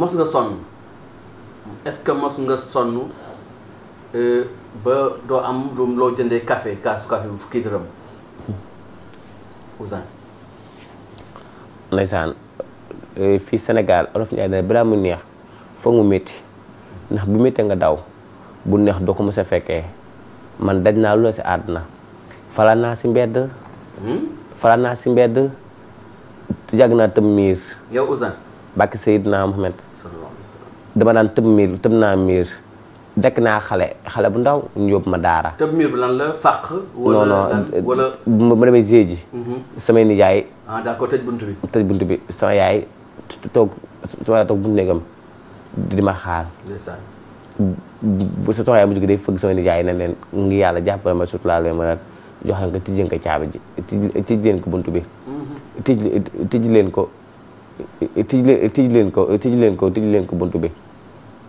mos nga sonn est-ce que mos nga sonn euh, ba doo am loo jëndee café kaasu café bu fukki dërëm Ouzin ndeysaan euh, fii Sénégal olof Njaay dana balaa mu neex foog mu metti ndax bu méttee nga daw bu neex doo ko mos a fekkee man daj naa lu ne si àdduna fala naa si mbedd hmm? fala naa si mbedd yàgg naa tëm miir yow Ouzin bàkki Seydina Mohamed dama daan tëb miir tëb naa miir dekk naa xale xale bu ndaw ñu yóbbu ma daara. tëb miir bi lan la fàq. wala ma demee géej ji. Mhm. samay nijaay. ah d'accord tëj buntu bi. tëj bi sama yaay toog sama toog buntu néegam di ma xaar. ndeysaan. bu sa soxlaa mu jóg day fëgg sama nijaay ne leen ngi yàlla jàppale ma suturaal la ma nag jox leen ko tijjeen ko caabi ji tij leen ko buntu bi. Mhm. tij leen ko. tij leen ko tij leen ko tij leen ko buntu bi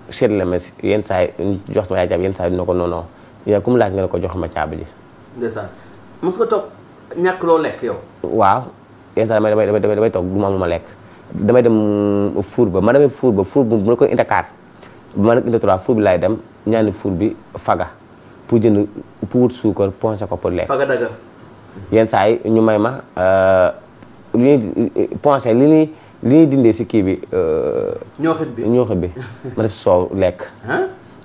seet la ma yenn saa yi jox sama yaay caabi yenn saa yi dina ko noonu yow ku mu laaj nga ne ko jox ma caabi ji. ndeysaan mos nga toog ñàkk loo lekk yow. waaw yenn saa damay damay damay damay toog du ma ma lekk damay dem uh, fuur ba ma fuur ba fuur bu ma ma nekk indi trois fuur dem ñaani fuur bi faga pour jënd pour wut suukar ñu may ma lu euh, li ñuy. Euh, li ñuy dindee si kii bi. Euh, ñooxit bi bi ma def soow lekk.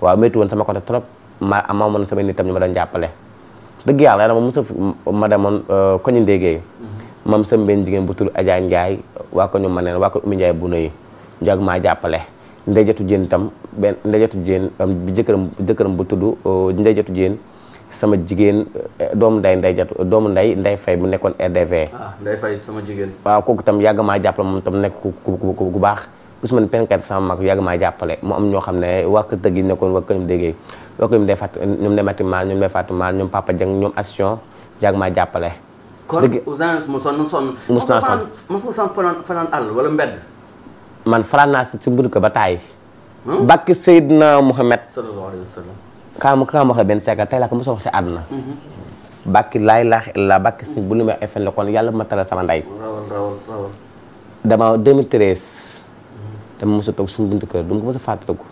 waaw métti woon sama côté trop ma amaa woon sama nit ma doon jàppale. dëgg yàlla yàlla moom mosaf ma demoon euh, koñu ndéggee. Mhm. mam sam benn jigéen bu tudd Adja Ndiaye waa ko ñu ma neen waa ko Oumy Ndiaye bu nuyu ñu ak maa jàppale. ndeyjatu jeen tam benn ndeyjatu jeen jëkkëram jëkkëram bu tudd euh, ndeyjatu jeen. sama jigéen doomu nday ndey jatu doomu nday nday fay bu nekkoon RDV. ah nday sama jigéen. waaw kooku tam yàgg maa jàppale moom tam nekk ku ku ku baax Ousmane Penkat sama mag yàgg maa jàppale moom ñoo xam ne waa kër nekkoon waa kër déggee waa kër day fàtt ñoom day mati maal ñoom day fàtt maal ñoom Papa Dieng ñoom Action yàgg maa jàppale. dëgg kon Ousin mu sonn sonn. mu sonn sonn sonn fanaan fanaan àll mbedd. man fanaan naa si buntu ko ba taay. Hmm? bakki seyd na sallallahu alayhi kaam ka nga wax la benn seekal tey laa ko mos a wax si àdduna mm-hmm. bàkki laay laax la bàkki si bu lu may FN la kon bu ma talal sama ndey dama 2013 dama mos a toog suñu buntu kër du ma ko mos a fàttaliku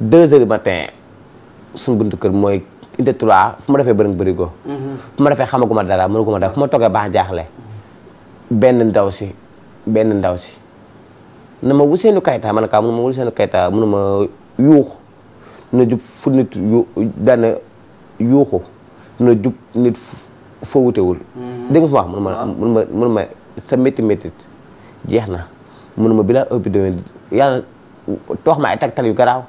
deux heures du matin suñu buntu kër mooy idée trois fu ma defee bëri bërigo mm-hmm. fu ma defee xamaguma dara mënaguma dara fu ma toogee baax jaaxle mm-hmm. benn ndaw si benn ndaw si na ma Ousseynou Kayta ma ne kaa ah, ma yuux na jub fu nit yu daana yuuxu na jub nit fa wutewul mm-hmm. dégg mun ma ah. mun ma mun ma sa métti méttit jeex na mun ma bilaa ëpp demee yàlla toox ma ay taktal yu garaaw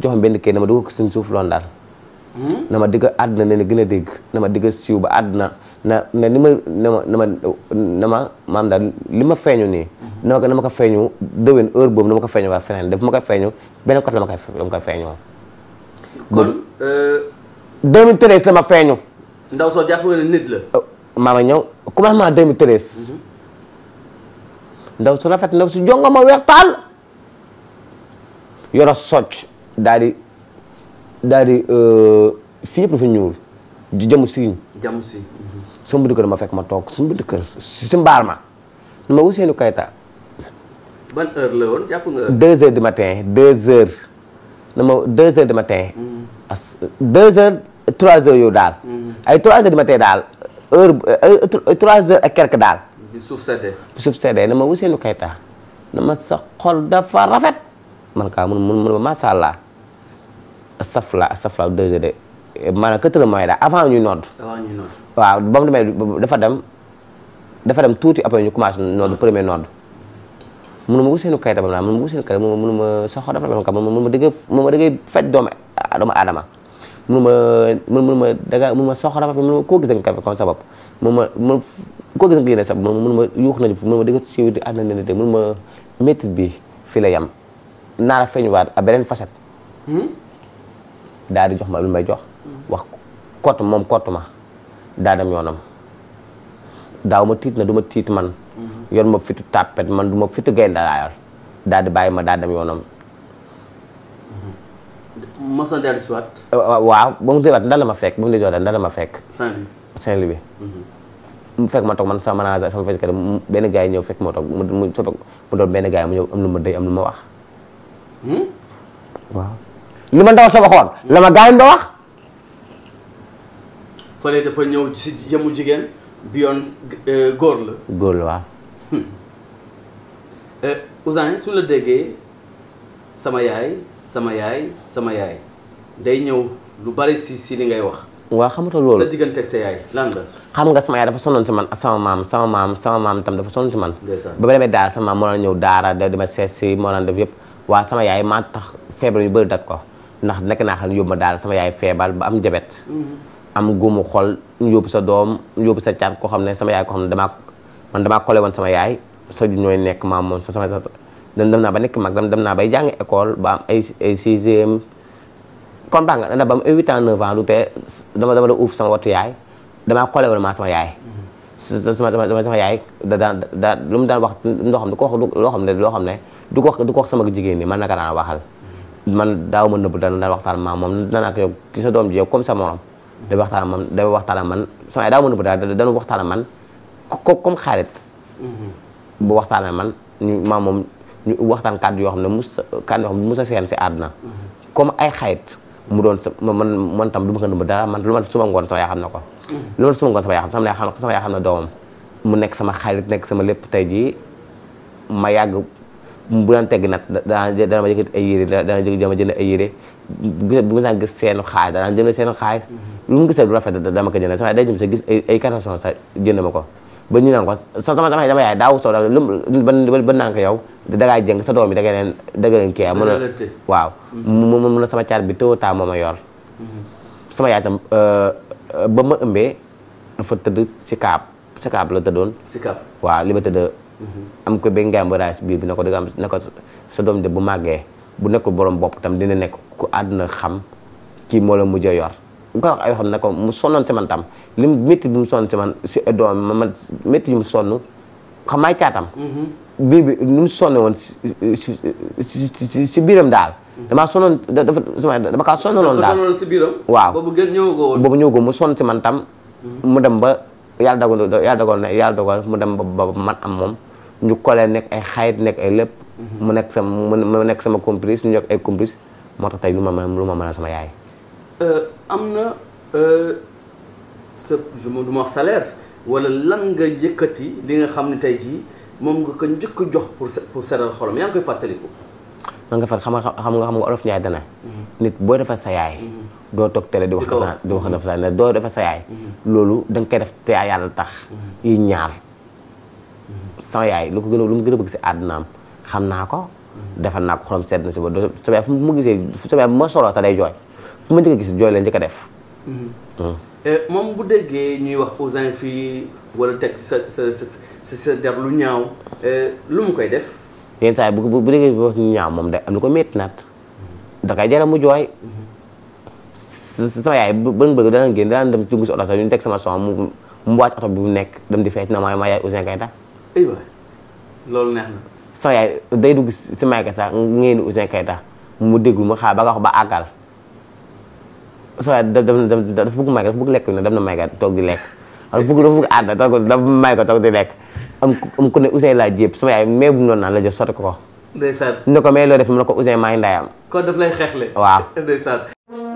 jox benn kay na ma dugg ko suuf loon daal mm-hmm. na ma digg àdduna ne na gën a dégg na ma digg siiw ba àdduna na na ma na ma na ma ma maam li ma feeñu nii mm-hmm. na ma ko na ma ko feeñu déwén heure boobu na ma ko feeñu waa feneen daf ma ko feeñu benn côté la ma koy la kon. 2013 euh, dama feeñu. ndaw soo jàpp ne nit la. Oh, maa ngi ñëw commencement mhm. ndaw su rafet ndaw si jongo ma weex taal. yoro socc daal di daal di euh, fii yëpp dafa ñuul jamu siiñ. si siiñ. Mhm. sama buntu kër ma fekk ma toog suñu buntu kër si mbaar ma nu ma Ousseynou Kayta. ban heure la woon jàpp nga. 2 na ma deux heures du matin. Mm. as deux heures trois daal. Mm. ay trois heures daal heure trois heures ak daal. bi suuf seddee. bi suuf seddee na ma Ousseynou Keita na ma sa xol dafa rafet man kaa mun mun macha allah safla safla deux heures de maanaam quatre heures mooy daal avant ñuy nodd. avant ñuy nodd waaw ba mu demee dafa dem dafa dem tuuti après ñu commencé nodd premier nodd. mënu ma useenu kay dabam laa mënu ma useenu kay mënu ma mënu ma soxor dafa dabam ka mënu ma dëgg mënu ma dëgg faj doomu ah, doomu aadama mënu ma mënu ma ma soxor dafa mënu ma koo gis ak kafe comme sa bopp mënu ma mënu koo gis ak yéene ma yuux nañu mënu ma dëgg siiw di àdduna ne de mënu ma métti bi fi la yam naara feeñuwaat a beneen facette hmm? daal di jox ma lu may jox wax kott moom kott ma daa dem yoonam daaw ma tiit na du tiit man yor ma fitu tàppet man du ma fitu gaynde laa yor daal di bàyyi ma daal dem yoonam. mos na dellu si waaw ba mu delluwaat ndala ma fekk ba mu delluwaat ndala ma fekk. Saint-Louis. Mhm. mu fekk ma toog man sama manager sama fekk benn gars ñëw fekk ma toog mu doon benn gars mu ñëw am lu ma day am lu ma wax. Hmm? waaw ma ndaw sa la ma gars yi wax. fële dafa ñëw si jëmu jigéen bi yoon eh, góor la. góor la Hmm. Euh, Ousin su la déggee sama yaay sama yaay sama yaay day ñëw lu bari si si li ngay wax. waa xamata loolu sa digganteeg sa yaay lan xam nga sama yaay dafa sonnoon si man sama maam sama maam sama maam tam dafa sonnoon man. ba ba demee daara sama maam moo daan ñëw daara da dama seet si moo daan def yëpp waa sama yaay maa tax feebar yu bëri dat ko ndax nekk naa xam ne yóbbu ma daara sama yaay feebar ba am jabet hmm. am gumu xol yóbbu sa doom yóbbu sa caat koo xam ne sama yaay koo xam ne damaa. man damaa collé woon sama yaay sa ñooy nekk maam moom sa sama dem dem naa ba nekk mag dem naa bay jàng école ba am ay ay sixième comprendre nga na ba am ay huit ans lu tee dama dama la uuf sama wattu yaay damaa collé woon maa sama yaay sama sama yaay da daan da lu mu daan wax loo ne ko wax loo xam ne loo xam ne du ko du ko wax sama jigéen ni man naka daan waxal man daaw ma nëbb dana da waxtaan maam moom danaa ko yow ki doom comme sa morom day waxtaan waxtaan man sama yaay daaw ma nëbb daal dana waxtaan man comme xaarit mm-hmm. bu waxtaanee man ñu maa moom ñu waxtaan kàddu yoo xam ne mus kàddu yoo seen si àdduna mm-hmm. comme ay xarit mu doon sa man man tam du ma ko nëbb dara man lu ma suma ngoon sama yaa xam ne ko mm-hmm. lu ma suma ngoon sama yaa xam sama xam ne doomam mu nekk sama xarit nekk sama lépp tey jii ma yàgg bu daan tegg nag dana dana ma yëkkati ay yére dana jëma jënd ay yére bu ma saan gis seenu xaalis dana jënd seenu xaalis lu mu gisee du rafet dama ko jënd sama day sa gis ay ay carton sa jënd ma ko ba ñu naan sa sama sama yaay daaw soo da lu ba naan ko yow dangay jëng sa doom bi dangay leen dangay leen kii am. mën a mm-hmm. sama caat bi tôt temps moo ma yor. Mm-hmm. sama euh, ba ma ëmbee dafa tëdd si kaab si kaab waaw li ma tëdd. Mm-hmm. am ko ba ngaa biir bi na ko da am na ko sa doom de bu màggee bu nekkul borom bopp tam dina nekk ku àdduna xam kii moo la yor. bu ko wax mu sonnoon si man tam li mu mu sonn si man si doom ma man métti mu sonn xam maay caatam mhm. biir mu sonne woon si si biiram daal mhm. damaa sonnoon dafa dama kaa sonnaloon daal si biiram waaw boobu gën mu sonn si man tam mhm. mu dem ba yàlla dogal yàlla dogal ne yàlla mu dem ba ba man am moom ñu kolee nekk ay xayit nekk ay lépp mu nekk sama mu nekk sama complice ñu nekk ay moo tax tey lu ma mën lu ma sama yaay Euh, am na euh, sa je me du ma wax salaire wala lan nga yëkkati li nga xam ne tey jii moom nga ko njëkk jox pour pour seral xolam yaa ngi koy fàttaliku. man nga far xam nga xam nga xam olof Njaay dana mm-hmm. nit boo defar sa yaay. Mm-hmm. doo toog télé di wax na di wax na mm-hmm. fa sa doo defar sa yaay. loolu da koy def te yàlla tax. ñaar. sama yaay ko gën a lu mu gën a bëgg si àddunaam xam naa ko. defal naa ko xolam sedd na si ba doo sa yaay fu mu gisee sa yaay bu ma solo sax day jooy. fu ma njëkk gis jooy leen njëkk def. Mm-hmm. Ah. Eh, moom bu déggee ñuy wax Ouzin fii wala teg sa sa sa sa der lu ñaaw eh, lu mu koy def. yenn saa yi bu ñaaw moom de am lu ko métti naat mm-hmm. da koy jaral mu jooy. Mm-hmm. sama yaay ba bëgg dana génn dana dem dugg si sama son mu mu wàcc nekk dem di feet na ma ma yaay loolu neex na. sa yaay day dugg si Maïka sax ngeen Ouzin Keita mu dëggu mu xaar ba nga wax ba saa da dafa bëgg may dafa bëgg lekk ne dem na may ga toog di lekk dafa bëgg dafa bëgg may ko di lekk am am ku ne Ousseyn laa jépp sama yaay mais bu noonu naan la jël sotti ko ko ne ko mais loo def mu ne ko Ousseyn maa ngi ndaayam kon daf lay xeexle waaw